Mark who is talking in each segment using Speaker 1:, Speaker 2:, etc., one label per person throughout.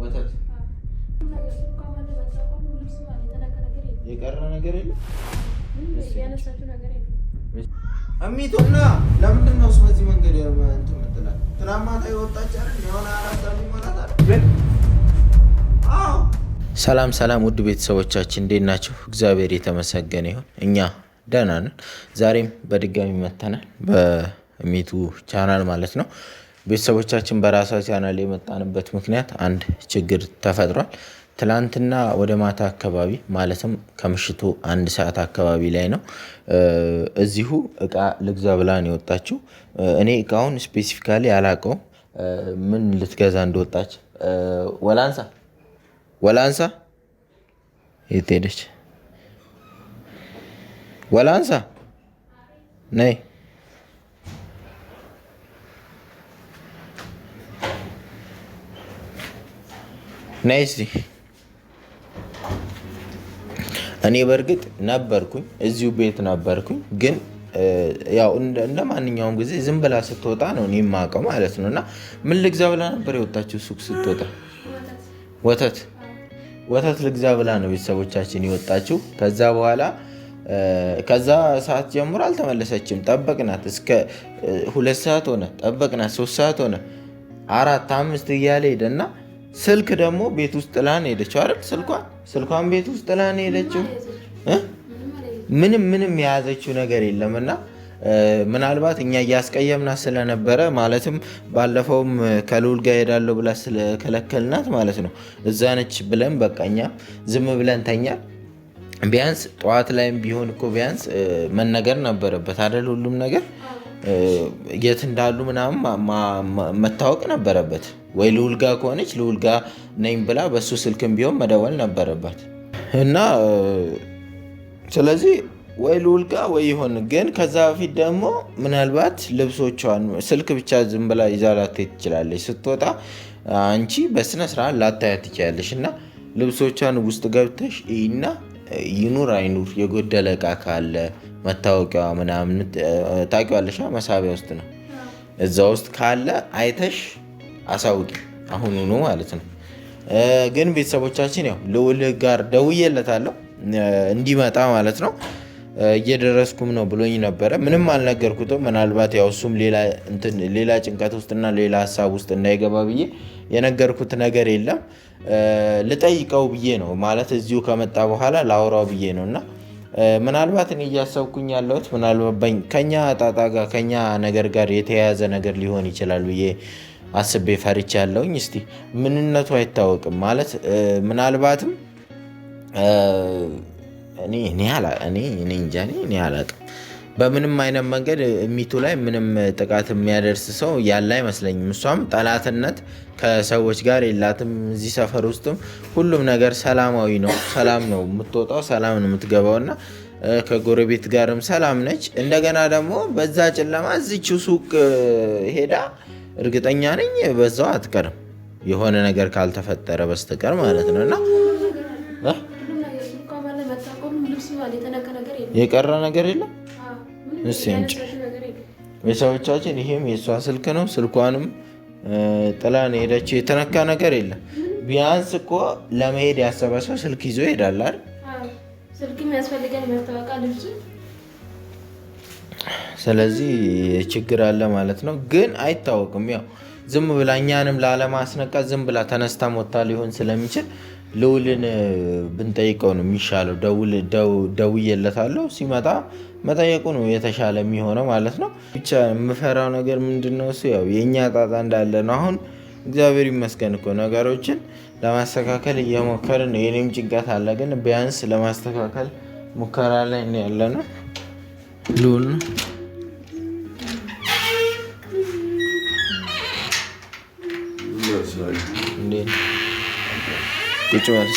Speaker 1: ወተት የቀረ ነገር የለም። እሚቱና ለምንድን ነው በዚህ መንገድ እንትን የምትላት? የወጣች ሰላም ሰላም፣ ውድ ቤተሰቦቻችን እንዴት ናቸው? እግዚአብሔር የተመሰገነ ይሁን፣ እኛ ደህና ነን። ዛሬም በድጋሚ መተናል በሚቱ ቻናል ማለት ነው ቤተሰቦቻችን በራሳ ቻናል የመጣንበት ምክንያት አንድ ችግር ተፈጥሯል። ትላንትና ወደ ማታ አካባቢ ማለትም ከምሽቱ አንድ ሰዓት አካባቢ ላይ ነው እዚሁ እቃ ልግዛ ብላን የወጣችው። እኔ እቃውን ስፔሲፊካሊ አላውቀውም ምን ልትገዛ እንደወጣች። ወላንሳ ወላንሳ የት ሄደች? ወላንሳ ነይ ነይ እኔ በእርግጥ ነበርኩኝ እዚሁ ቤት ነበርኩኝ፣ ግን ያው እንደ ማንኛውም ጊዜ ዝም ብላ ስትወጣ ነው እኔ የማውቀው ማለት ነው። እና ምን ልግዛ ብላ ነበር የወጣችው ሱቅ ስትወጣ ወተት ወተት ልግዛ ብላ ነው ቤተሰቦቻችን የወጣችው። ከዛ በኋላ ከዛ ሰዓት ጀምሮ አልተመለሰችም። ጠበቅናት፣ እስከ ሁለት ሰዓት ሆነ፣ ጠበቅናት፣ ሶስት ሰዓት ሆነ፣ አራት አምስት እያለ ሄደና ስልክ ደግሞ ቤት ውስጥ ጥላን ሄደችው አይደል? ስልኳን ስልኳን ቤት ውስጥ ጥላን ሄደችው። ምንም ምንም የያዘችው ነገር የለም እና ምናልባት እኛ እያስቀየምና ስለነበረ ማለትም ባለፈውም ከልውል ጋር ሄዳለሁ ብላ ስለከለከልናት ማለት ነው እዛ ነች ብለን በቃ እኛ ዝም ብለን ተኛ። ቢያንስ ጠዋት ላይም ቢሆን እኮ ቢያንስ መነገር ነበረበት አይደል? ሁሉም ነገር የት እንዳሉ ምናምን መታወቅ ነበረበት። ወይ ልውልጋ ከሆነች ልውልጋ ነኝ ብላ በሱ ስልክም ቢሆን መደወል ነበረባት እና ስለዚህ ወይ ልውልጋ ወይ ይሆን ግን ከዛ በፊት ደግሞ ምናልባት ልብሶቿን ስልክ ብቻ ዝም ብላ ይዛ ላትሄድ ትችላለች። ስትወጣ አንቺ በስነ ስርዓት ላታያት ትችላለች እና ልብሶቿን ውስጥ ገብተሽ እና ይኑር አይኑር የጎደለ እቃ ካለ መታወቂያ ምናምን ታውቂዋለሽ፣ መሳቢያ ውስጥ ነው። እዛ ውስጥ ካለ አይተሽ አሳውቂ፣ አሁኑኑ ማለት ነው። ግን ቤተሰቦቻችን ያው ልውል ጋር ደውዬለታለሁ እንዲመጣ ማለት ነው። እየደረስኩም ነው ብሎኝ ነበረ። ምንም አልነገርኩትም። ምናልባት ያው እሱም ሌላ ጭንቀት ውስጥና ሌላ ሀሳብ ውስጥ እንዳይገባ ብዬ የነገርኩት ነገር የለም። ልጠይቀው ብዬ ነው ማለት እዚሁ ከመጣ በኋላ ላውራው ብዬ ነው እና ምናልባት እኔ እያሰብኩኝ ያለሁት ምናልባት ከኛ ጣጣ ጋር ከኛ ነገር ጋር የተያያዘ ነገር ሊሆን ይችላል ብዬ አስቤ ፈርቻ ያለውኝ። እስቲ ምንነቱ አይታወቅም ማለት ምናልባትም እኔ እኔ እኔ እንጃ እኔ አላውቅም። በምንም አይነት መንገድ ሚቱ ላይ ምንም ጥቃት የሚያደርስ ሰው ያለ አይመስለኝም። እሷም ጠላትነት ከሰዎች ጋር የላትም። እዚህ ሰፈር ውስጥም ሁሉም ነገር ሰላማዊ ነው። ሰላም ነው የምትወጣው፣ ሰላም ነው የምትገባው እና ከጎረቤት ጋርም ሰላም ነች። እንደገና ደግሞ በዛ ጨለማ እዚችው ሱቅ ሄዳ እርግጠኛ ነኝ በዛው አትቀርም፣ የሆነ ነገር ካልተፈጠረ በስተቀር ማለት ነው እና የቀረ ነገር የለም ቤተሰቦቻችን ይህም የእሷ ስልክ ነው። ስልኳንም ጥላ ነው የሄደችው። የተነካ ነገር የለም። ቢያንስ እኮ ለመሄድ ያሰበ ሰው ስልክ ይዞ ይሄዳል አይደል? ስለዚህ ችግር አለ ማለት ነው። ግን አይታወቅም። ያው ዝም ብላ እኛንም ላለማስነቃት ዝም ብላ ተነስታ ሞታ ሊሆን ስለሚችል ልውልን ብንጠይቀው ነው የሚሻለው። ደውዬለታለሁ ሲመጣ መጠየቁ ነው የተሻለ የሚሆነው ማለት ነው። ብቻ የምፈራው ነገር ምንድን ነው? እሱ ያው የእኛ ጣጣ እንዳለ ነው። አሁን እግዚአብሔር ይመስገን እኮ ነገሮችን ለማስተካከል እየሞከርን ነው። የኔም ጭንቀት አለ፣ ግን ቢያንስ ለማስተካከል ሙከራ ላይ ያለ ነው ልዑል ቁጭ ማለት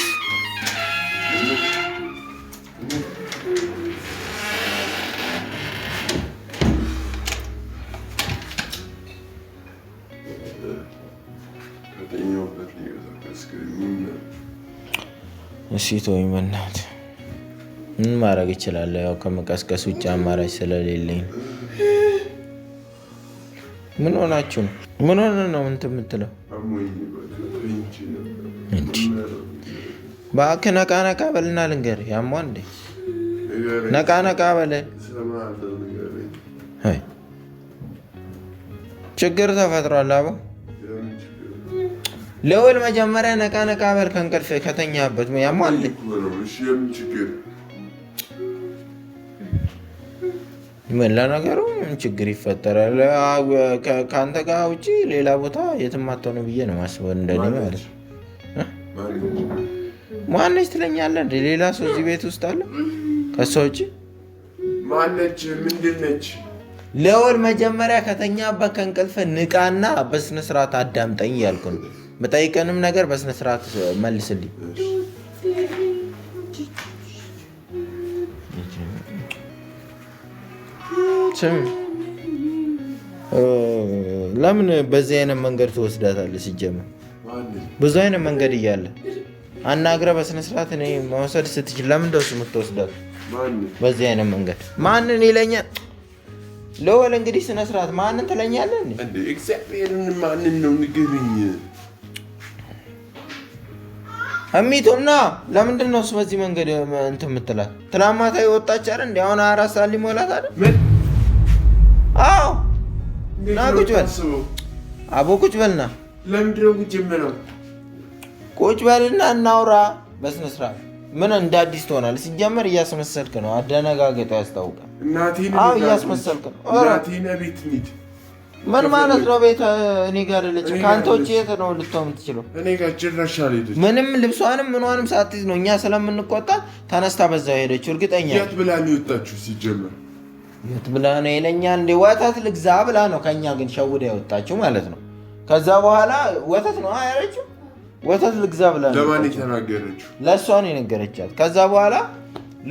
Speaker 1: እሺ ምን ማድረግ እችላለሁ? ያው ከመቀስቀስ ውጭ አማራጭ ስለሌለኝ ምን ሆናችሁ ነው? ምን ሆነ ነው ምንት የምትለው? እንዲህ እባክህ ነቃ ነቃ በልና ልንገር ያሟ እንዴ ነቃ ነቃ በለ። ችግር ተፈጥሯል። አቦ ልውል መጀመሪያ ነቃ ነቃ በል ከእንቅልፍ ከተኛበት። ያሟ እንዴ ለነገሩ ምን ችግር ይፈጠራል? ከአንተ ጋር ውጭ ሌላ ቦታ የትም አትሆኑ ብዬ ነው ማስበው እንደኔ ማለት ነው። ማነች ትለኛለህ? እንደ ሌላ ሰው እዚህ ቤት ውስጥ አለ ከእሷ ውጭ
Speaker 2: ማነች? ምንድነች?
Speaker 1: ለወል መጀመሪያ ከተኛበት ከእንቅልፍ ንቃና በስነስርዓት አዳምጠኝ እያልኩ ነው። የምጠይቀንም ነገር በስነስርዓት መልስልኝ። ለምን በዚህ አይነት መንገድ ትወስዳታለህ ሲጀምር ብዙ አይነት መንገድ እያለ አናግረህ በስነስርዓት እኔ መውሰድ ስትችል ለምን ደስ የምትወስዳል? በዚህ አይነት መንገድ ማንን ይለኛል? ለወል እንግዲህ ስነስርዓት ማንን ትለኛለህ? እግዚአብሔርን ማንን ነው ንገርኝ። እሚቱና ለምንድን ነው በዚህ መንገድ እንትን የምትላት? ትናንት ማታ የወጣች አይደል? እንደ አሁን አራት ሰዓት ሊሞላት አይደል? አዎ ና ቁጭ በል አቦ ቁጭ በልና
Speaker 2: ለምንድነው ቁጭ የምለው?
Speaker 1: ቁጭ በልና እናውራ በስነ ምን እንደ አዲስ ትሆናለህ? ሲጀመር እያስመሰልክ ነው። አደነጋገጠ ያስታውቃል። እናቴን እያስመሰልክ ነው።
Speaker 2: እናቴን ቤት እንሂድ።
Speaker 1: ምን ማለት ነው? ቤት እኔ ጋር ልጭ ከአንተ ውጭ የት ነው ልትሆን የምትችለው? ምንም ልብሷንም ምኗንም ሳትይዝ ነው እኛ ስለምንቆጣ ተነስታ በዛ ሄደችው። እርግጠኛ የት ብላ
Speaker 2: ነው የወጣችሁ? ሲጀመር
Speaker 1: የት ብላ ነው ይለኛል። እንደ ዋታት ልግዛ ብላ ነው ከእኛ ግን ሸውዳ የወጣችው ማለት ነው። ከዛ በኋላ ወተት ነው ያለችው። ወተት ልግዛ ብላ
Speaker 2: ለማን የተናገረችው?
Speaker 1: ለእሷ ነው የነገረቻት። ከዛ በኋላ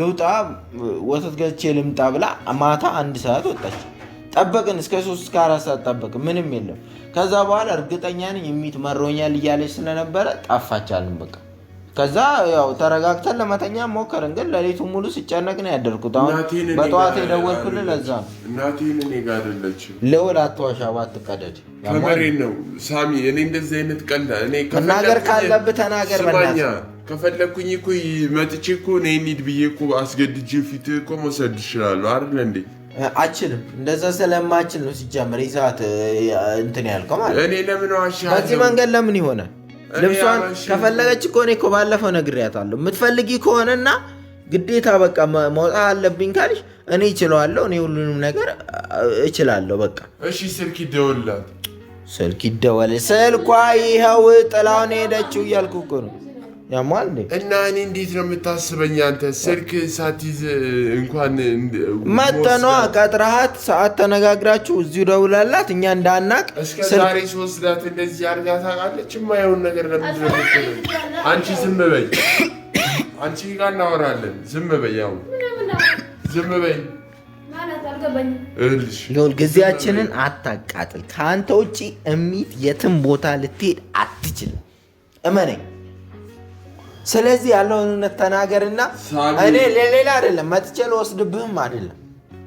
Speaker 1: ልውጣ ወተት ገዝቼ ልምጣ ብላ ማታ አንድ ሰዓት ወጣች። ጠበቅን እስከ ሶስት እስከ አራት ሰዓት ጠበቅን፣ ምንም የለም። ከዛ በኋላ እርግጠኛ ነኝ የሚት መሮኛል እያለች ስለነበረ ጠፋች አልን በቃ ከዛ ያው ተረጋግተን ለመተኛ ሞከርን፣ ግን ሌሊቱ ሙሉ ሲጨነቅ ነው ያደርኩት። አሁን በጠዋት የደወልኩልህ ለዛ ነው።
Speaker 2: እናቴን እኔ ጋር አይደለችም።
Speaker 1: ልውል አትዋሻ፣ ባትቀደድ
Speaker 2: ከመሬ ነው ሳሚ። እኔ እንደዚህ አይነት ቀልድ
Speaker 1: ከናገር ካለብህ ተናገር። በእናትህ
Speaker 2: ከፈለግኩኝ እኮ መጥቼ እኮ እኔ እንሂድ ብዬ እኮ አስገድጄ ፊት እኮ መውሰድ እችላለሁ አይደል እንዴ?
Speaker 1: አችልም እንደዛ ስለማችል ነው ሲጀምር ይዛት እንትን ያልከው
Speaker 2: ማለት እኔ ለምን ዋሻ
Speaker 1: በዚህ መንገድ ለምን ይሆናል? ልብሷን ከፈለገች እኮ እኔ እኮ ባለፈው ነግሬያታለሁ። የምትፈልጊ ከሆነና ግዴታ በቃ መውጣት አለብኝ ካልሽ እኔ እችለዋለሁ። እኔ ሁሉንም ነገር እችላለሁ። በቃ
Speaker 2: እሺ፣ ስልክ ይደወልላት፣
Speaker 1: ስልክ ይደወል። ስልኳ ይኸው ጥላውን ሄደችው እያልኩ እኮ ነው። ያሟል
Speaker 2: እና እኔ እንዴት ነው የምታስበኝ? አንተ ስልክ ሳትይዝ እንኳን
Speaker 1: መጠኗ ቀጥረሃት ሰዓት ተነጋግራችሁ እዚሁ ደውላላት እኛ እንዳናቅ
Speaker 2: እስከዛሬ ሶስት ዳት እንደዚህ አርጋ ታውቃለች? የማይሆን ነገር ለምንድን አንቺ ዝም በይ። አንቺ ጋር እናወራለን። ዝም በይ፣ ያው ዝም በይ።
Speaker 1: ሆን ጊዜያችንን አታቃጥል። ከአንተ ውጭ እሚት የትም ቦታ ልትሄድ አትችልም። እመነኝ። ስለዚህ ያለውን እውነት ተናገርና እኔ ለሌላ አይደለም መጥቼ ልወስድብህም አይደለም።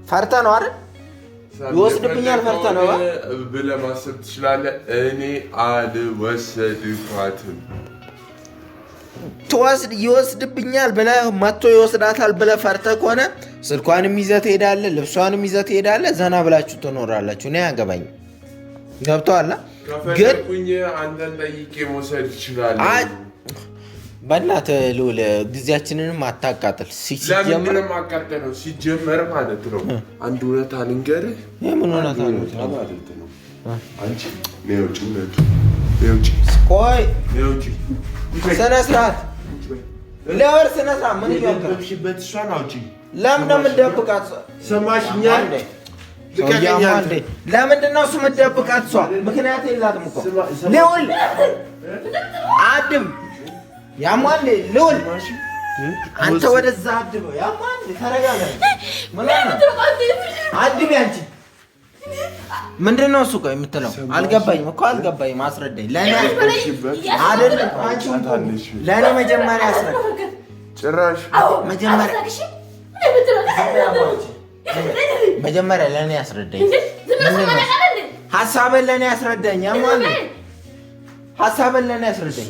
Speaker 1: ፈርተ ነው አይደል? ይወስድብኛል ፈርተ ነው
Speaker 2: ብለህ ማሰብ ትችላለህ። እኔ አልወሰድኳትም።
Speaker 1: ትወስድ ይወስድብኛል ብለህ መጥቶ ይወስዳታል ብለህ ፈርተህ ከሆነ ስልኳንም ይዘህ ትሄዳለህ፣ ልብሷንም ይዘህ ትሄዳለህ። ዘና ብላችሁ ትኖራላችሁ። እኔ አገባኝ ገብቶሃል።
Speaker 2: ግን አንተን ጠይቄ መውሰድ ይችላል
Speaker 1: በላተ ልውል ጊዜያችንንም አታቃጥል።
Speaker 2: ለምንድን ነው ሲጀመር ማለት ነው አንድ እውነት አልንገር።
Speaker 1: የምን እውነት ማለት
Speaker 2: ነው? አንቺ
Speaker 1: ቆይ ስነ ስርዓት ለወር ስነ ስርዓት ምን እሷን አውጪ። ለምን ነው
Speaker 2: ሰማሽኛል?
Speaker 1: ለምንድን ነው እሱ እሷ ምክንያት የላትም እኮ ልውል አድም ያሟል ልውል አንተ ወደዛ አድበ ያሟል። ተረጋጋ። አድቤ አንቺ ምንድን ነው እሱ? ቆይ የምትለው አልገባኝም እኮ አልገባኝም። አስረዳኝ። ለእኔ መጀመሪያ አስረዳኝ። ጭራሽ መጀመሪያ ለእኔ አስረዳኝ። ሀሳብን ለእኔ አስረዳኝ። ሀሳብን ለእኔ አስረዳኝ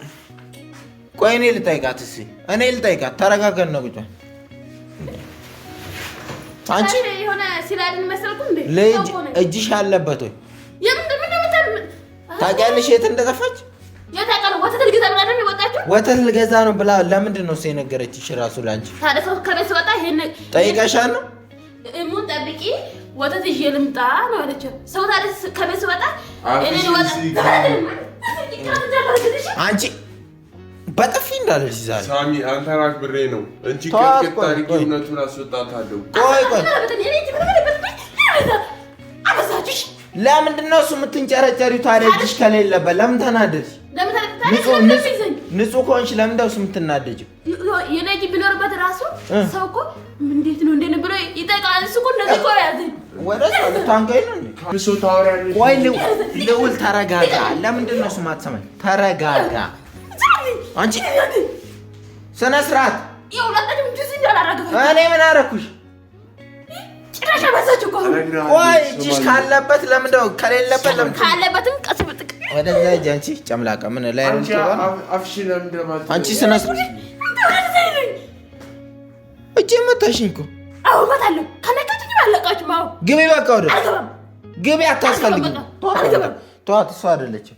Speaker 1: ቆይ እኔ ልጠይቃት እሺ፣ እኔ ልጠይቃት። ተረጋገን ነው ጉጫ አንቺ ልጅ እጅሽ አለበት ወይ? ታውቂያለሽ የት እንደጠፋች? ወተት ልገዛ ነው ብላ ለምንድን ነው የነገረችሽ? እራሱ ላንቺ ጠይቀሻ ነው
Speaker 3: እሙን ጠብቂ ወተት ይዤ ልምጣ ነው ያለችው። ሰው ታዲያ ከቤት ስወጣ
Speaker 1: በጥፊ እንዳለች
Speaker 2: ይዛል። ሳሚ አንተ ራክ ብሬ ነው እንጂ ከጥቂት ታሪክ እውነቱን አስወጣታለሁ። ቆይ ቆይ፣
Speaker 1: ለምንድን ነው እሱ የምትንጨረጨሪው? ታዲያ እጅሽ ከሌለበት ለምን ተናደድሽ? ንጹህ ከሆንሽ ለምን ደውስ የምትናደጅው?
Speaker 3: የኔ እጅ ቢኖርበት ራሱ ሰው እኮ እንዴት ነው እንዴት ብሎ ይጠቃል። እሱ እኮ እንደዚህ እኮ ያዘኝ።
Speaker 1: ቆይ ልውል፣ ተረጋጋ። ለምንድን ነው እሱ የማትሰማኝ? ተረጋጋ አንቺ ስነ ስርዓት እኔ ምን አደረኩሽ? ቆይ እጅሽ ካለበት ለምን ደው ከሌለበት ካለበትም ቀስ ብጥቅ ወደዛ እጅ አንቺ ጨምላቀ ምን ላይ አንቺ ስነ ስርዓት እጄ መታሽኝ እኮ አውቃታለሁ። ከነካችኝ አለቃችሁ ግቢ፣ በቃ ወደ ግቢ አታስፈልግም። ተዋት፣ እሷ አይደለችም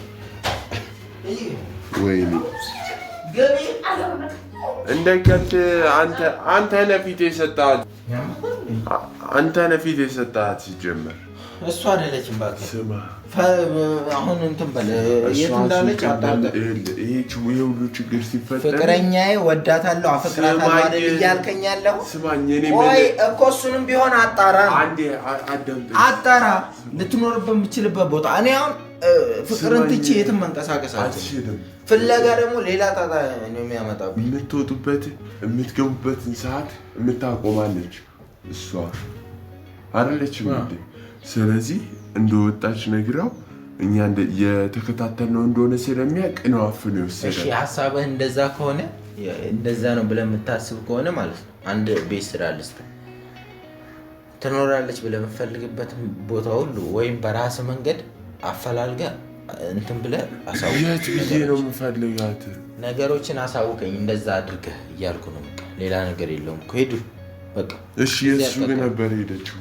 Speaker 2: ወይኔ እንደ ከብት አንተ ነህ ፊት የሰጠሃት አንተ ነህ ፊት የሰጠሃት ሲጀመር
Speaker 1: እሱ አይደለችም። እባክህ አሁን እንትን በል የት እንዳለች ችግር ሲፈጠር ፍቅረኛዬ ወዳታለሁ አፈቅራታለሁ አይደል እያልከኝ ያለው ወይ እኮ እሱንም ቢሆን አጣራ አጣራ ልትኖርበት የምችልበት ቦታ እኔ አሁን ፍቅርን ትቼ የትም መንቀሳቀስ ፍለጋ ደግሞ ሌላ ጣጣ ነው የሚያመጣብኝ።
Speaker 2: የምትወጡበት የምትገቡበትን ሰዓት የምታቆማለች እሷ አይደለችም። ስለዚህ እንደወጣች ነግራው እኛ የተከታተል ነው እንደሆነ ስለሚያውቅ ነው አፍኖ ይወሰዳል።
Speaker 1: እሺ ሀሳብህ እንደዛ ከሆነ እንደዛ ነው ብለህ የምታስብ ከሆነ ማለት ነው አንድ ቤት ስራ ልስጥ ትኖራለች ብለህ የምትፈልግበት ቦታ ሁሉ ወይም በራስ መንገድ አፈላልገህ እንትን ብለህ
Speaker 2: አሳውቅ ብዬ ነው የምፈልጋት
Speaker 1: ነገሮችን አሳውቀኝ፣ እንደዛ አድርገህ እያልኩ ነው። ሌላ ነገር የለውም። ሄዱ በቃ
Speaker 2: እሺ። የእሱ ነበር ሄደችው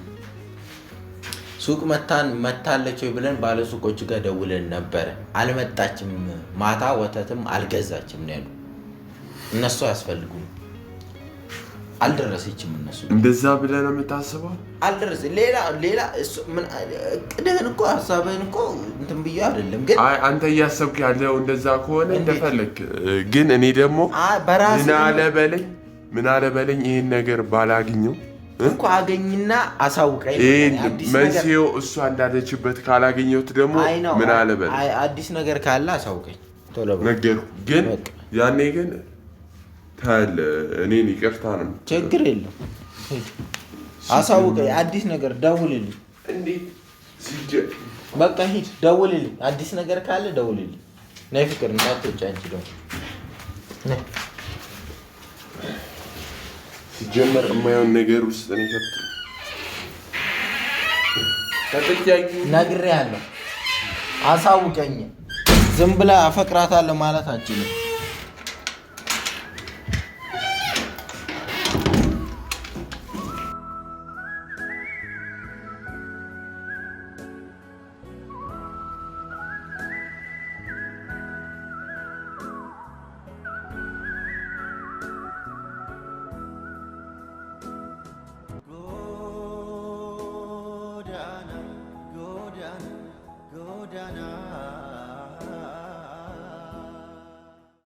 Speaker 1: ሱቅ መታን መታለች ወይ ብለን ባለ ሱቆች ጋር ደውለን ነበረ። አልመጣችም፣ ማታ ወተትም አልገዛችም ነው ያሉ። እነሱ አያስፈልጉም፣ አልደረሰችም። እነሱ
Speaker 2: እንደዛ ብለን ነው የምታስበው?
Speaker 1: አልደረሰ ሌላ ሌላ ቅድህን እኮ ሀሳብህን እኮ እንትን ብዬ
Speaker 2: አይደለም፣ ግን አንተ እያሰብክ ያለው እንደዛ ከሆነ እንደፈለግ። ግን እኔ ደግሞ ምን አለ በለኝ፣ ምን አለ በለኝ ይህን ነገር ባላግኘው
Speaker 1: እኮ አገኝና አሳውቀኝ።
Speaker 2: መንስኤው እሷ እንዳለችበት ካላገኘሁት ደግሞ
Speaker 1: ምን አለበት አዲስ ነገር ካለ አሳውቀኝ።
Speaker 2: ነገርኩህ ግን ያኔ ግን ታያለህ። እኔን ይቅርታ ነው
Speaker 1: ችግር የለም አሳውቀኝ። አዲስ ነገር ደውልልኝ። በቃ ሂድ ደውልልኝ። አዲስ ነገር ካለ ደውልልኝ። ናይ ፍቅር እንዳትወጪ አንቺ ደግሞ
Speaker 2: ሲጀመር የማየውን ነገር ውስጥ ነው ይፈጥ
Speaker 1: ተጠያቂው ነግሬሃለሁ። አሳውቀኝ። ዝም ብላ አፈቅራታለሁ ማለት አችልም።